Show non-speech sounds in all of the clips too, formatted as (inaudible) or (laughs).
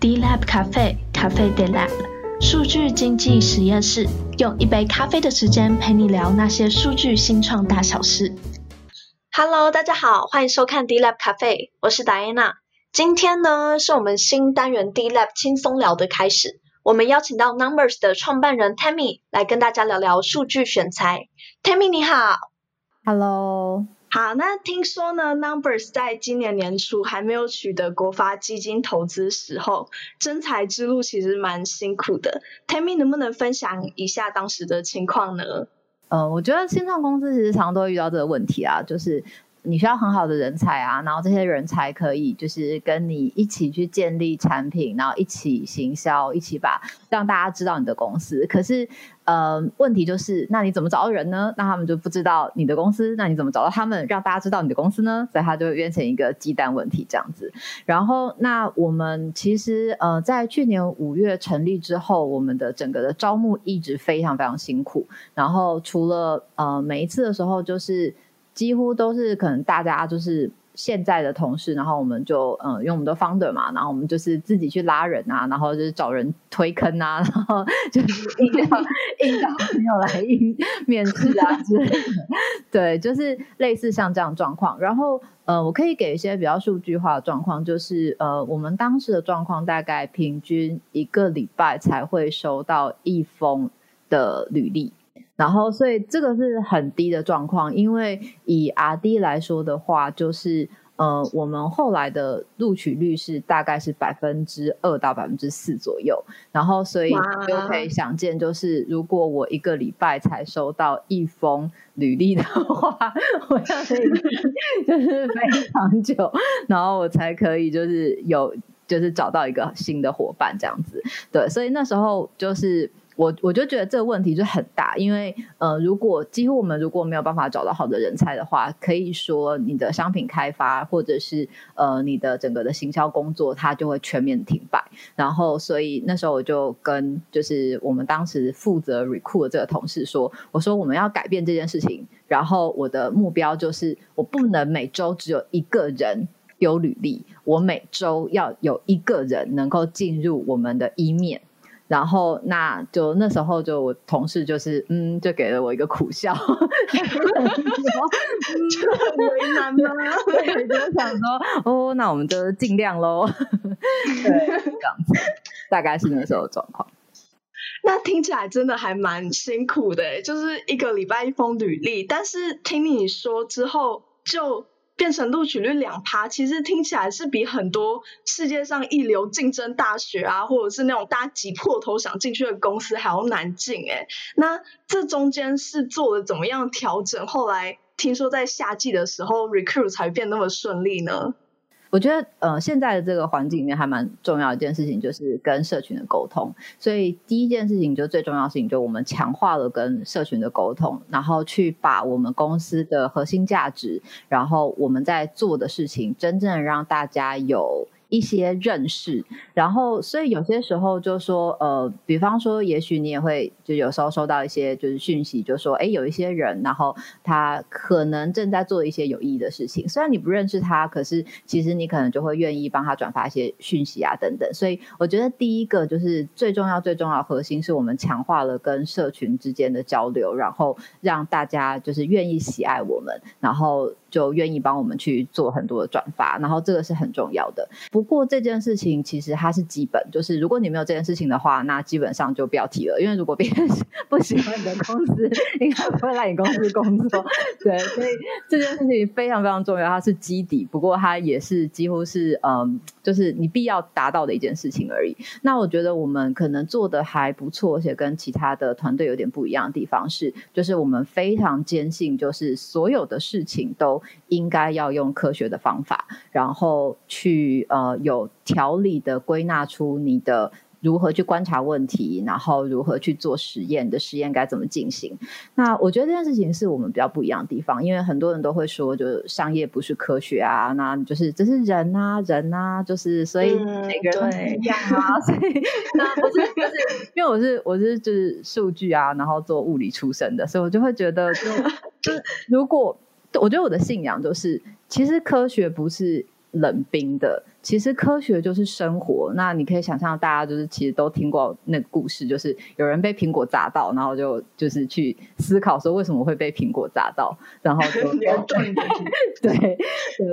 D Lab Cafe，Cafe de Lab，數據經濟實驗室，用一杯咖啡的時間陪你聊那些數據新創大小事。Hello，大家好，歡迎收看 D Lab Cafe，我是戴安娜。今天呢，是我們新單元 D Lab 輕鬆聊的開始。我們邀請到 Numbers 的創辦人 Tammy 來跟大家聊聊數據選才。Tammy，你好。Hello。好，那聽說呢，Numbers 在今年年初還沒有取得國發基金投資時候，徵才之路其實蠻辛苦的。Tammy 能不能分享一下當時的情況呢？呃，我覺得新創公司其實常常都會遇到這個問題啊，就是。你需要很好的人才啊，然後這些人才可以就是跟你一起去建立產品，然後一起行銷，一起把讓大家知道你的公司。可是，呃，問題就是那你怎麼找到人呢？那他們就不知道你的公司，那你怎麼找到他們，讓大家知道你的公司呢？所以他就會變成一個雞蛋問題這樣子。然後，那我們其實，呃，在去年五月成立之後，我們的整個的招募一直非常非常辛苦。然後，除了呃，每一次的時候就是。幾乎都是可能大家就是現在的同事，然後我們就嗯、呃，用我們的 founder 嘛，然後我們就是自己去拉人啊，然後就是找人推坑啊，然後就是硬要硬要硬要來應面試啊之類的。對，就是類似像這樣狀況。然後呃，我可以給一些比較數據化的狀況，就是呃，我們當時的狀況大概平均一個禮拜才會收到一封的履歷。然後，所以這個是很低的狀況，因為以 R D 來說的話，就是呃，我們後來的錄取率是大概是百分之二到百分之四左右。然後，所以就可以想見，就是如果我一個禮拜才收到一封履歷的話，我要可以就是非常久， (laughs) 然後我才可以就是有就是找到一個新的夥伴這樣子。對，所以那時候就是。我我就覺得這個問題就很大，因為呃，如果幾乎我們如果沒有辦法找到好的人才的話，可以說你的商品開發或者是呃你的整個的行銷工作，它就會全面停擺。然後，所以那時候我就跟就是我們當時負責 recruit 的這個同事說，我說我們要改變這件事情。然後我的目標就是，我不能每周只有一個人有履歷，我每周要有一個人能夠進入我們的一面。然後，那就那時候就我同事就是嗯，就給了我一個苦笑。 (laughs) (laughs) 就很為難嘛，對 (laughs) 就想說哦，那我們就盡量嘍，對，這樣子，大概是那時候的狀況。 (laughs) 那聽起來真的還蠻辛苦的，就是一個禮拜一封履歷，但是聽你說之後就。變成錄取率兩趴，其實聽起來是比很多世界上一流競爭大學啊，或者是那種大家擠破頭想進去的公司還要難進誒、欸、那這中間是做了怎麼樣調整？後來聽說在夏季的時候 recruit 才變那麼順利呢？我覺得，呃，現在的這個環境裡面還蠻重要的一件事情，就是跟社群的溝通。所以第一件事情就最重要的事情，就我們強化了跟社群的溝通，然後去把我們公司的核心價值，然後我們在做的事情，真正讓大家有。一些認識，然後所以有些時候就說，呃，比方說，也許你也會就有時候收到一些就是訊息，就說，哎，有一些人，然後他可能正在做一些有意義的事情，雖然你不認識他，可是其實你可能就會願意幫他轉發一些訊息啊，等等。所以我覺得第一個就是最重要、最重要的核心是我們強化了跟社群之間的交流，然後讓大家就是願意喜愛我們，然後。就願意幫我們去做很多的轉發，然後這個是很重要的。不過這件事情其實它是基本，就是如果你沒有這件事情的話，那基本上就不要提了。因為如果別人不喜歡你的公司，應該不會來你公司工作。對，所以這件事情非常非常重要，它是基底。不過它也是幾乎是嗯，就是你必要達到的一件事情而已。那我覺得我們可能做的還不錯，而且跟其他的團隊有點不一樣的地方是，就是我們非常堅信，就是所有的事情都。應該要用科學的方法，然後去呃有條理的歸納出你的如何去觀察問題，然後如何去做實驗的實驗該怎麼進行。那我覺得這件事情是我們比較不一樣的地方，因為很多人都會說，就商業不是科學啊，那就是這是人啊人啊，就是所以每個人不一樣、嗯、啊。所以那不是、就是因為我是我是就是數據啊，然後做物理出身的，所以我就會覺得就就、嗯、如果。我覺得我的信仰就是，其實科學不是冷冰的。其實科學就是生活，那你可以想象大家就是其實都聽過那個故事，就是有人被蘋果砸到，然後就就是去思考說為什麼會被蘋果砸到，然後就 (laughs) 對，對，對，對，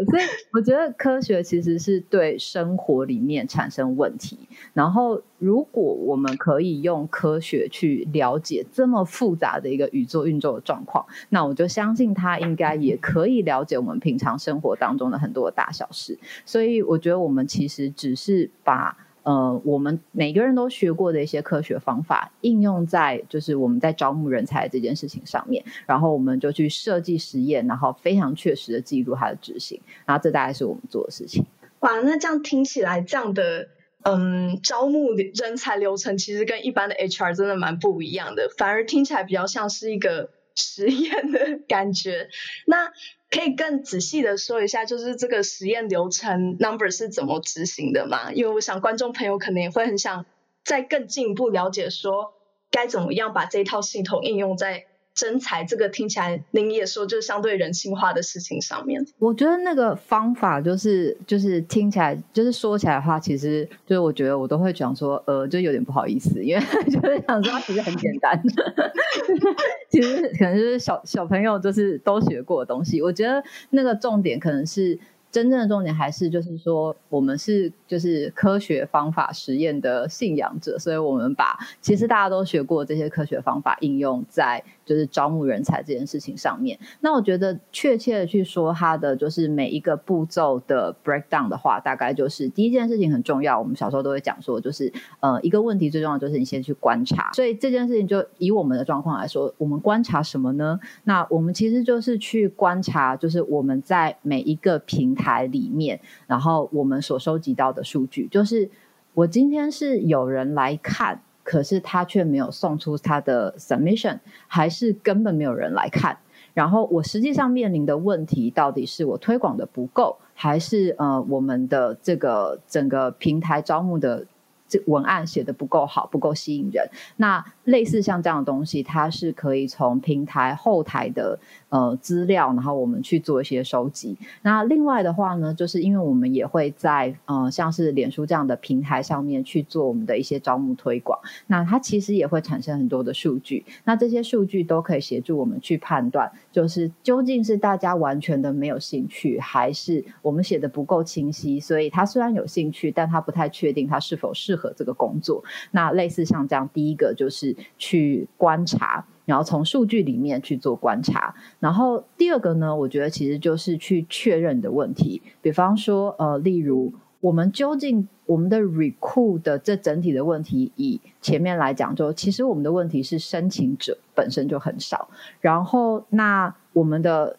所以我覺得科學其實是對生活裡面產生問題，然後如果我們可以用科學去了解這麼複雜的一個宇宙運作的狀況，那我就相信它應該也可以了解我們平常生活當中的很多的大小事，所以我覺得。我們其實只是把呃，我們每個人都學過的一些科學方法應用在就是我們在招募人才這件事情上面，然後我們就去設計實驗，然後非常確實的記錄它的執行，然後這大概是我們做的事情。哇，那這樣聽起來，這樣的嗯，招募人才流程其實跟一般的 HR 真的蠻不一樣的，反而聽起來比較像是一個。實驗的感覺，那可以更仔細的說一下，就是這個實驗流程 Numbers 是怎麼執行的嗎？因為我想觀眾朋友可能也會很想再更進一步了解，說該怎麼樣把這一套系統應用在。真才這個聽起來，您也說就是相對人性化的事情上面。我覺得那個方法就是就是聽起來就是說起來的話，其實就是我覺得我都會講說，呃，就有點不好意思，因為就是想說其實很簡單， (laughs) (laughs) 其實可能就是小小朋友就是都學過的東西。我覺得那個重點可能是真正的重點還是就是說我們是就是科學方法實驗的信仰者，所以我們把其實大家都學過這些科學方法應用在。就是招募人才這件事情上面，那我覺得確切的去說，它的就是每一個步驟的 breakdown 的話，大概就是第一件事情很重要。我們小時候都會講說，就是呃，一個問題最重要就是你先去觀察。所以這件事情就以我們的狀況來說，我們觀察什麼呢？那我們其實就是去觀察，就是我們在每一個平台裡面，然後我們所收集到的數據，就是我今天是有人來看，可是他卻沒有送出他的 submission，還是根本沒有人來看。然後我實際上面臨的問題，到底是我推廣的不夠，還是呃我們的這個整個平台招募的這文案寫的不夠好，不夠吸引人？那。類似像這樣的東西，它是可以從平台後台的呃資料，然後我們去做一些收集。那另外的話呢，就是因為我們也會在呃像是臉書這樣的平台上面去做我們的一些招募推廣。那它其實也會產生很多的數據。那這些數據都可以協助我們去判斷，就是究竟是大家完全的沒有興趣，還是我們寫的不夠清晰，所以他雖然有興趣，但他不太確定他是否適合這個工作。那類似像這樣，第一個就是去觀察，然後從數據裡面去做觀察。然後第二個呢，我覺得其實就是去確認的問題。比方說，呃，例如我們究竟我們的 recruit 的這整體的問題，以前面來講就，就其實我們的問題是申請者本身就很少。然後那我們的。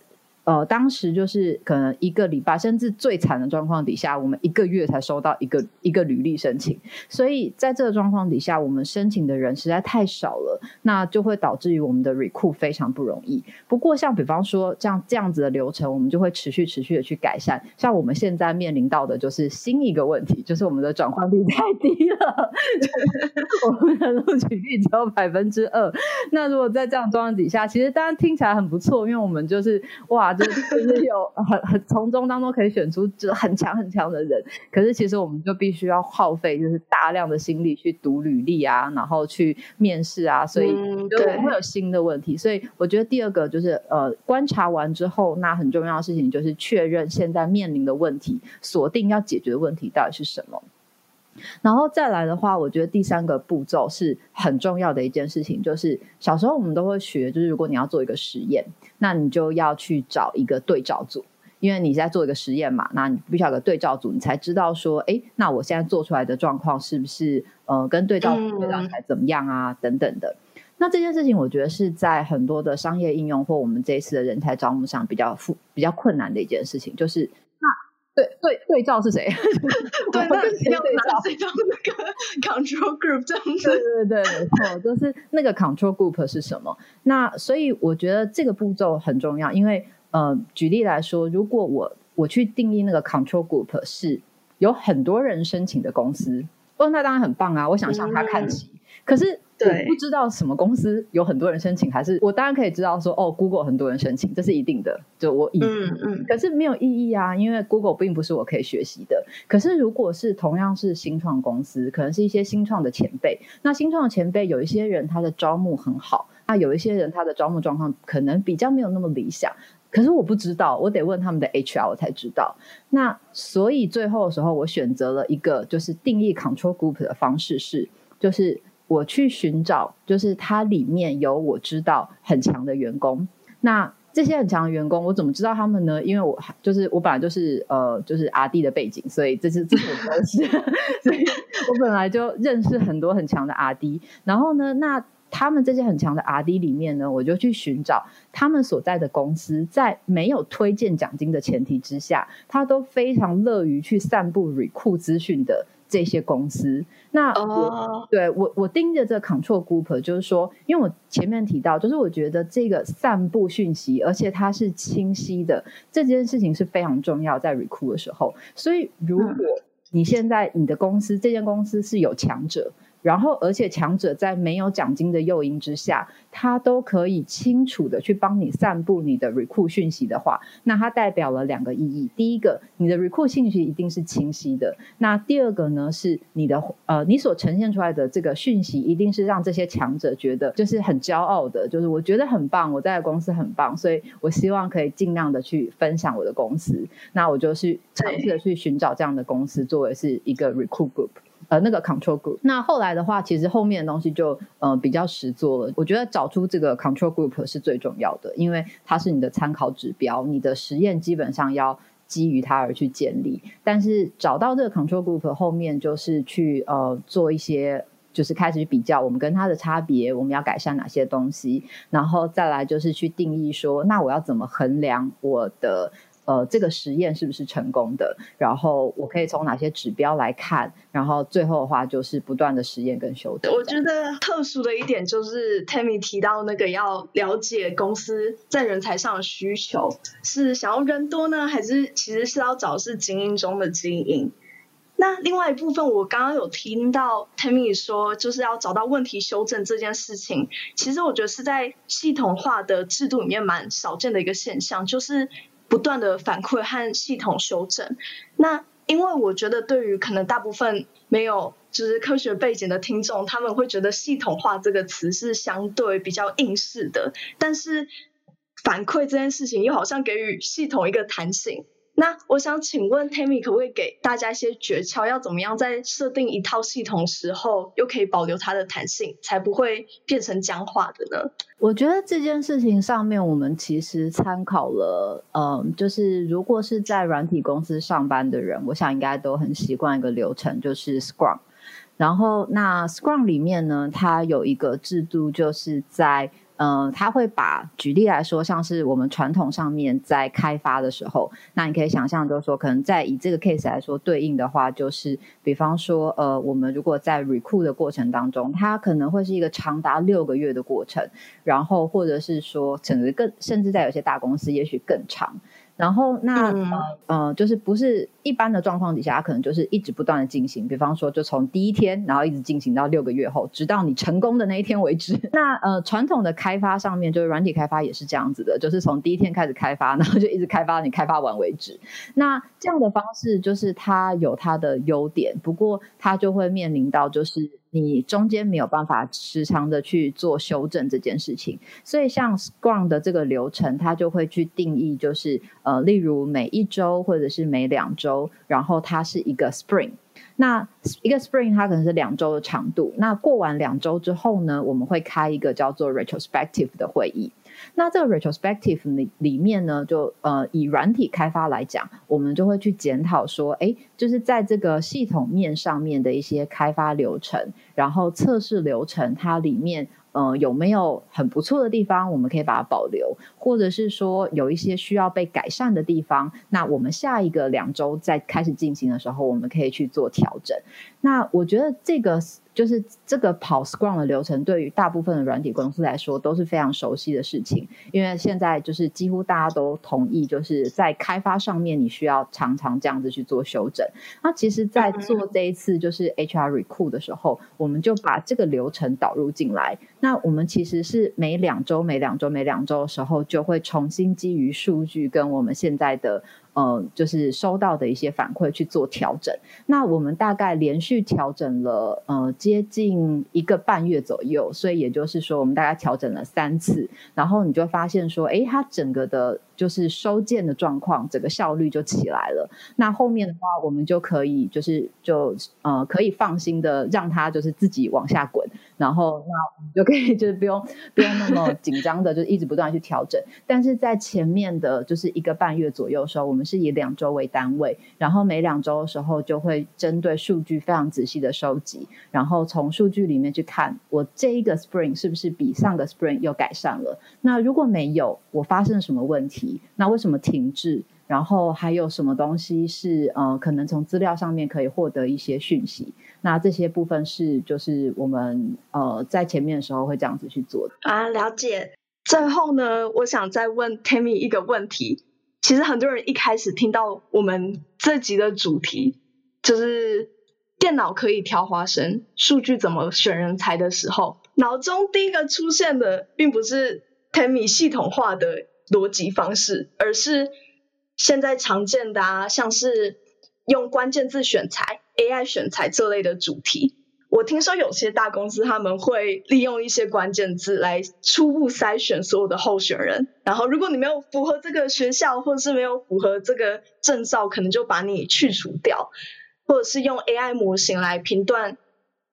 呃，當時就是可能一個禮拜，甚至最慘的狀況底下，我們一個月才收到一個一個履歷申請，所以在這個狀況底下，我們申請的人實在太少了，那就會導致於我們的 recruit 非常不容易。不過，像比方說像這樣子的流程，我們就會持續持續的去改善。像我們現在面臨到的就是新一個問題，就是我們的轉換率太低了， (laughs) (laughs) (laughs) 我們的錄取率只有百分之二。那如果在這樣狀況底下，其實當然聽起來很不錯，因為我們就是哇。 (laughs) 就，就是有很很從中當中可以選出就是很強很強的人，可是其實我們就必須要耗費就是大量的心力去讀履歷啊，然後去面試啊，所以就我們會有新的問題，嗯。所以我覺得第二個就是呃觀察完之後，那很重要的事情就是確認現在面臨的問題，鎖定要解決的問題到底是什麼。然後再來的話，我覺得第三個步驟是很重要的一件事情，就是小時候我們都會學，就是如果你要做一個實驗，那你就要去找一個對照組，因為你在做一個實驗嘛，那你必須要有個對照組，你才知道說，哎，那我現在做出來的狀況是不是呃跟對照組、嗯、對照起來怎麼樣啊？等等的。那這件事情，我覺得是在很多的商業應用或我們這一次的人才招募上比較複比較困難的一件事情，就是。對對，對照是誰？對，那 (laughs) 要拿誰當那個 control group 這樣子。 (laughs) 對，對對對，沒 (laughs) 錯、哦，就是那個 control group 是什麼？那所以我覺得這個步驟很重要，因為呃，舉例來說，如果我我去定義那個 control group 是有很多人申請的公司，哦、那當然很棒啊，我想向他看齊、嗯。可是。對，不知道什麼公司有很多人申請，還是我當然可以知道說哦，Google 很多人申請，這是一定的。就我以嗯嗯，可是沒有意義啊，因為 Google 並不是我可以學習的。可是如果是同樣是新創公司，可能是一些新創的前輩。那新創的前輩有一些人他的招募很好，那有一些人他的招募狀況可能比較沒有那麼理想。可是我不知道，我得問他們的 HR 我才知道。那所以最後的時候，我選擇了一個就是定義 control group 的方式是，就是。我去尋找，就是它裡面有我知道很強的員工。那這些很強的員工，我怎麼知道他們呢？因為我就是我本來就是呃，就是阿 D 的背景，所以這是這是我 (laughs) 所以我本來就認識很多很強的阿 D。然後呢，那他們這些很強的阿 D 裡面呢，我就去尋找他們所在的公司，在沒有推薦獎金的前提之下，他都非常樂於去散布 Recruit 資訊的。這些公司，那我、oh. 對我我盯着這個 Control Group，就是說，因為我前面提到，就是我覺得這個散布訊息，而且它是清晰的，這件事情是非常重要在 Recruit 的時候。所以，如果你現在你的公司，嗯、這間公司是有強者。然後，而且強者在沒有獎金的誘因之下，他都可以清楚的去幫你散布你的 recruit 訊息的話，那它代表了兩個意義：第一個，你的 recruit 訊息一定是清晰的；那第二個呢，是你的呃，你所呈現出來的這個訊息一定是讓這些強者覺得就是很驕傲的，就是我覺得很棒，我在的公司很棒，所以我希望可以盡量的去分享我的公司。那我就去嘗試的去尋找這樣的公司，作為是一個 recruit group。呃，那個 control group。那後來的話，其實後面的東西就呃比較實做了。我覺得找出這個 control group 是最重要的，因為它是你的參考指標，你的實驗基本上要基於它而去建立。但是找到這個 control group 後面，就是去呃做一些，就是開始比較我們跟它的差別，我們要改善哪些東西，然後再來就是去定義說，那我要怎麼衡量我的。呃，這個實驗是不是成功的？然後我可以從哪些指標來看？然後最後的話就是不斷的實驗跟修正。我覺得特殊的一點就是 Tammy 提到那個要了解公司在人才上的需求，是想要人多呢，還是其實是要找是精英中的精英？那另外一部分，我剛剛有聽到 Tammy 說，就是要找到問題修正這件事情，其實我覺得是在系統化的制度裡面蠻少見的一個現象，就是。不斷的反饋和系統修正。那因為我覺得，對於可能大部分沒有就是科學背景的聽眾，他們會覺得“系統化”這個詞是相對比較硬式的，但是反饋這件事情又好像給予系統一個彈性。那我想請問 Tammy，可不可以給大家一些訣竅，要怎麼樣在設定一套系統時候，又可以保留它的彈性，才不會變成僵化的呢？我覺得這件事情上面，我們其實參考了，嗯，就是如果是在軟體公司上班的人，我想應該都很習慣一個流程，就是 Scrum。然後那 Scrum 裡面呢，它有一個制度，就是在。嗯、呃，他會把舉例來說，像是我們傳統上面在開發的時候，那你可以想象就是說，可能在以這個 case 來說對應的話，就是比方說，呃，我們如果在 recruit 的過程當中，它可能會是一個長達六個月的過程，然後或者是說，整個更，甚至在有些大公司，也許更長。然後那、嗯、呃，就是不是一般的狀況底下，可能就是一直不斷的進行。比方說，就從第一天，然後一直進行到六個月後，直到你成功的那一天為止。那呃，傳統的開發上面，就是軟體開發也是這樣子的，就是從第一天開始開發，然後就一直開發，你開發完為止。那這樣的方式就是它有它的優點，不過它就會面臨到就是。你中間沒有辦法時常的去做修正這件事情，所以像 Scrum 的這個流程，它就會去定義，就是呃，例如每一周或者是每兩周，然後它是一個 Sprint。那一個 Sprint 它可能是兩週的長度，那過完兩週之後呢，我們會開一個叫做 retrospective 的會議。那這個 retrospective 裡裡面呢，就呃以軟體開發來講，我們就會去檢討說，哎，就是在這個系統面上面的一些開發流程，然後測試流程，它裡面。嗯、呃，有沒有很不錯的地方，我們可以把它保留，或者是說有一些需要被改善的地方，那我們下一個兩周再開始進行的時候，我們可以去做調整。那我覺得這個。就是這個跑 Scrum 的流程，對於大部分的軟體公司來說都是非常熟悉的事情。因為現在就是幾乎大家都同意，就是在開發上面你需要常常這樣子去做修整。那其實，在做這一次就是 HR Recruit 的時候，我們就把這個流程導入進來。那我們其實是每兩週、每兩週、每兩週的時候，就會重新基於數據跟我們現在的。嗯、呃，就是收到的一些反饋去做調整。那我們大概連續調整了呃接近一個半月左右，所以也就是說，我們大概調整了三次。然後你就發現說，哎，它整個的。就是收件的狀況，整個效率就起來了。那後面的話，我們就可以就是就呃可以放心的讓它就是自己往下滾。然後那我們就可以就是不用不用那麼緊張的就一直不斷去調整。 (laughs) 但是在前面的就是一個半月左右的時候，我們是以兩周為單位，然後每兩周的時候就會針對數據非常仔細的收集，然後從數據裡面去看我這一個 sprint 是不是比上個 sprint 又改善了。那如果沒有，我發生了什麼問題？那為什麼停滯？然後還有什麼東西是呃，可能從資料上面可以獲得一些訊息？那這些部分是就是我們呃在前面的時候會這樣子去做的。啊，了解。最後呢，我想再問 Tammy 一個問題。其實很多人一開始聽到我們這集的主題就是電腦可以挑花生，數據怎麼選人才的時候，腦中第一個出現的並不是 Tammy 系統化的。邏輯方式，而是現在常見的啊，像是用關鍵字選才、AI 選才這類的主題。我聽說有些大公司他們會利用一些關鍵字來初步篩選所有的候選人，然後如果你沒有符合這個學校或者是沒有符合這個證照，可能就把你去除掉，或者是用 AI 模型來評斷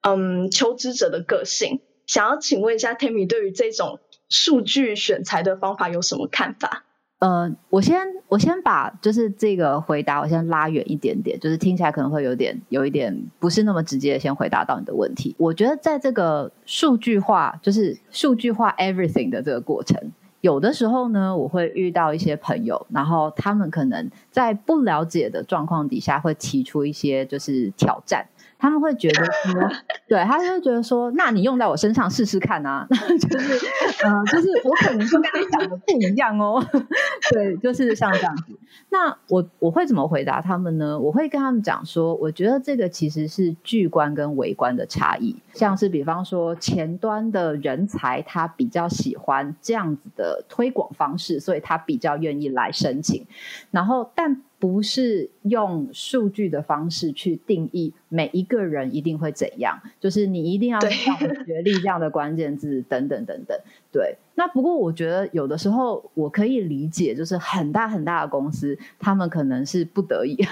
嗯求職者的個性。想要請問一下 Tammy，對於這種。數據選才的方法有什麼看法？呃，我先我先把就是這個回答，我先拉遠一點點，就是聽起來可能會有點有一點不是那麼直接，先回答到你的問題。我覺得在這個數據化，就是數據化 everything 的這個過程，有的時候呢，我會遇到一些朋友，然後他們可能在不了解的狀況底下，會提出一些就是挑戰。他們會覺得說，嗯，對，他就會覺得說，那你用在我身上試試看啊， (laughs) 就是，呃，就是我可能跟跟你講的不一樣哦， (laughs) 對，就是像這樣子。那我我會怎麼回答他們呢？我會跟他們講說，我覺得這個其實是巨觀跟微觀的差異，像是比方說前端的人才他比較喜歡這樣子的推廣方式，所以他比較願意來申請，然後但。不是用數據的方式去定義每一個人一定會怎樣，就是你一定要學歷這樣的關鍵字等等等等。對，那不過我覺得有的時候我可以理解，就是很大很大的公司，他們可能是不得已，就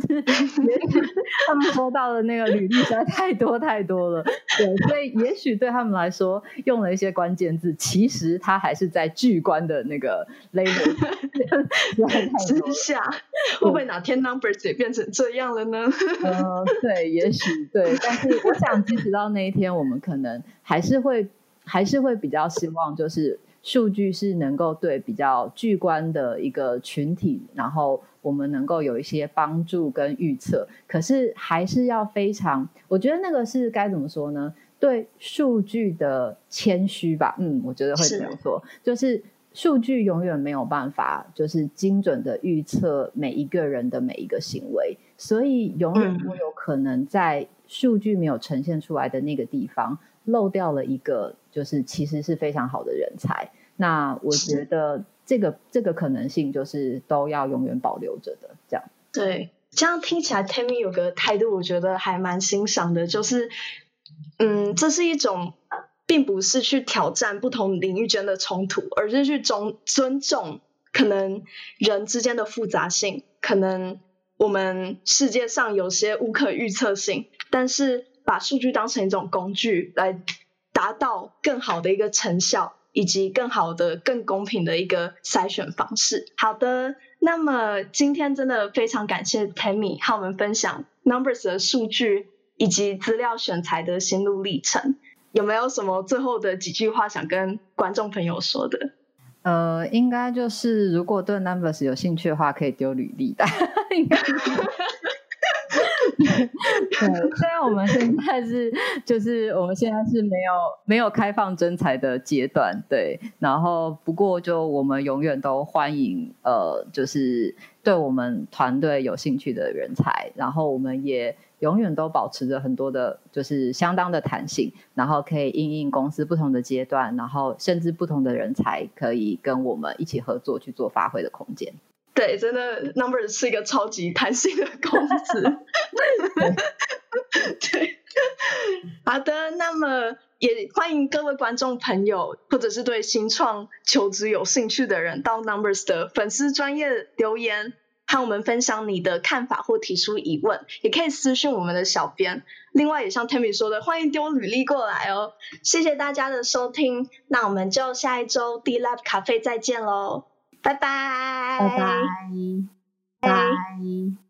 是也許他們收到的那個履歷實在太多太多了。對，所以也許對他們來說，用了一些關鍵字，其實他還是在巨觀的那個 level 之下。 (laughs) 會不會哪天 Numbers 也變成這樣了呢？嗯，對，也許對，但是我想，即使到那一天， (laughs) 我們可能還是會還是會比較希望，就是數據是能夠對比較巨觀的一個群體，然後我們能夠有一些幫助跟預測。可是還是要非常，我覺得那個是該怎麼說呢？對數據的謙虛吧。嗯，我覺得會怎麼說，就是。數據永遠沒有辦法，就是精準的預測每一個人的每一個行為，所以永遠都有可能在數據沒有呈現出來的那個地方漏掉了一個，就是其實是非常好的人才。那我覺得這個這個可能性，就是都要永遠保留着的。這樣對，這樣聽起來，Tammy 有個態度，我覺得還蠻欣賞的，就是嗯，這是一種。並不是去挑戰不同領域間的衝突，而是去尊尊重可能人之間的複雜性，可能我們世界上有些無可預測性。但是，把數據當成一種工具，來達到更好的一個成效，以及更好的、更公平的一個篩選方式。好的，那麼今天真的非常感謝 Tammy，和我們分享 Numbers 的數據以及資料選材的心路歷程，有沒有什麼最後的幾句話想跟觀眾朋友說的？呃，應該就是如果對 Numbers 有興趣的話，可以丟履歷的。 (laughs) (laughs) (laughs) 對，雖 (laughs) 然我們現在是，就是我們現在是沒有沒有開放徵才的階段，對。然後，不過就我們永遠都歡迎，呃，就是對我們團隊有興趣的人才。然後，我們也。永遠都保持着很多的，就是相當的彈性，然後可以因應公司不同的階段，然後甚至不同的人才可以跟我們一起合作去做發揮的空間。對，真的 Numbers 是一個超級彈性的公司。 (laughs) (laughs) (laughs) 對，好的，那麼也歡迎各位觀眾朋友，或者是對新創求職有興趣的人，到 Numbers 的粉絲專業留言，和我們分享你的看法或提出疑問，也可以私訊我們的小編。另外，也像 Tammy 說的，歡迎丟履歷過來哦。謝謝大家的收聽，那我們就下一周 de lab Cafe 再見嘍，拜拜拜拜拜。Bye bye. Bye.